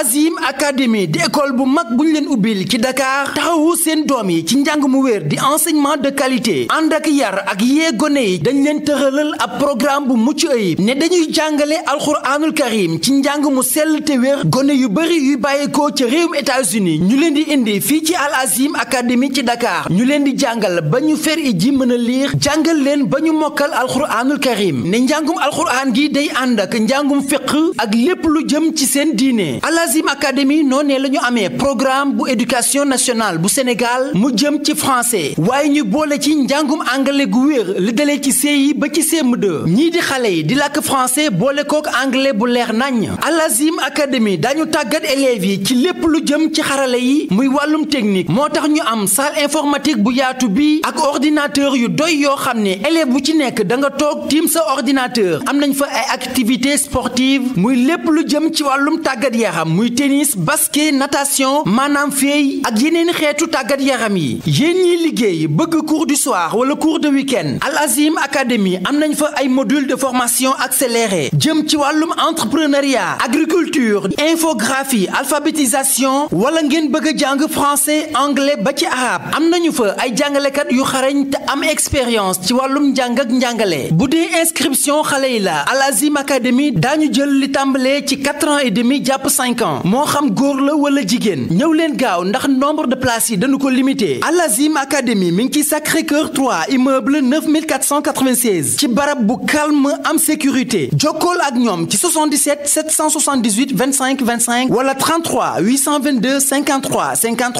Azim académie di école bu mag bu ñu leen ubbil ci Dakar taxawu seen doom yi ci njàng mu wér di enseignement de qualité ànd ak yar ak yee gone yi dañu leen tëralal ab programme bu mucc ayib ne dañuy jàngale alxuraanul karim ci njàng mu sell te wér gone yu bëri yu bàyyeekoo ca réewum États-Unis ñu leen di indi fii ci Al Azim académie ci Dakar ñu leen di jàngal ba ñu fer i ji mën a liir jàngal leen ba ñu mokkal alxuraanul karim ne njàngum alxuraan gi day ànd ak njàngum fiq ak lépp lu jëm ci seen diine Al-Azim Academy noonee la ñu amee programme bu éducation nationale bu Sénégal mu jëm ci français waaye ñu boole ci njàngum anglais gu wér li dalee ci yi ba ci CM2 ñii di xale yi di làkk français boole kook anglais bu leer nañ Al-Azim Academy dañu tàggat élèves yi ci lépp lu jëm ci xarale yi muy wàllum technique moo tax ñu am salle informatique bu yaatu bi ak ordinateur yu doy yoo xam ne élève bu ci nekk da nga toog tiim sa ordinateur am nañ fa ay activités sportives muy lépp lu jëm ci wàllum tàggat yaram yaram muy tennis basket natation maanaam féey ak yeneen xeetu tàggat yaram yi yéen yi liggéey bëgg cours du soir wala cours de week-end Al Azim Academy am nañ fa ay module de formation accélérée jëm ci wàllum entrepreneuriat agriculture infographie alphabétisation wala ngeen bëgg a jàng français anglais ba ci arabe am nañu fa ay jàngalekat yu xarañ te am expérience ci wàllum njàng ak njàngale bu dee inscription xale yi la Al Azim Academy daañu jël li tàmbalee ci quatre ans et demi jàpp cinq cinq moo xam góor la wala jigéen ñëw leen gaaw ndax nombre de places yi dañu ko limité Al Azim Academy mi ngi ci Sacré Cœur 3 immeuble 9496 ci barab bu calme am sécurité jokkool ak ñoom ci 77 778 25 25 wala 33 822 53 53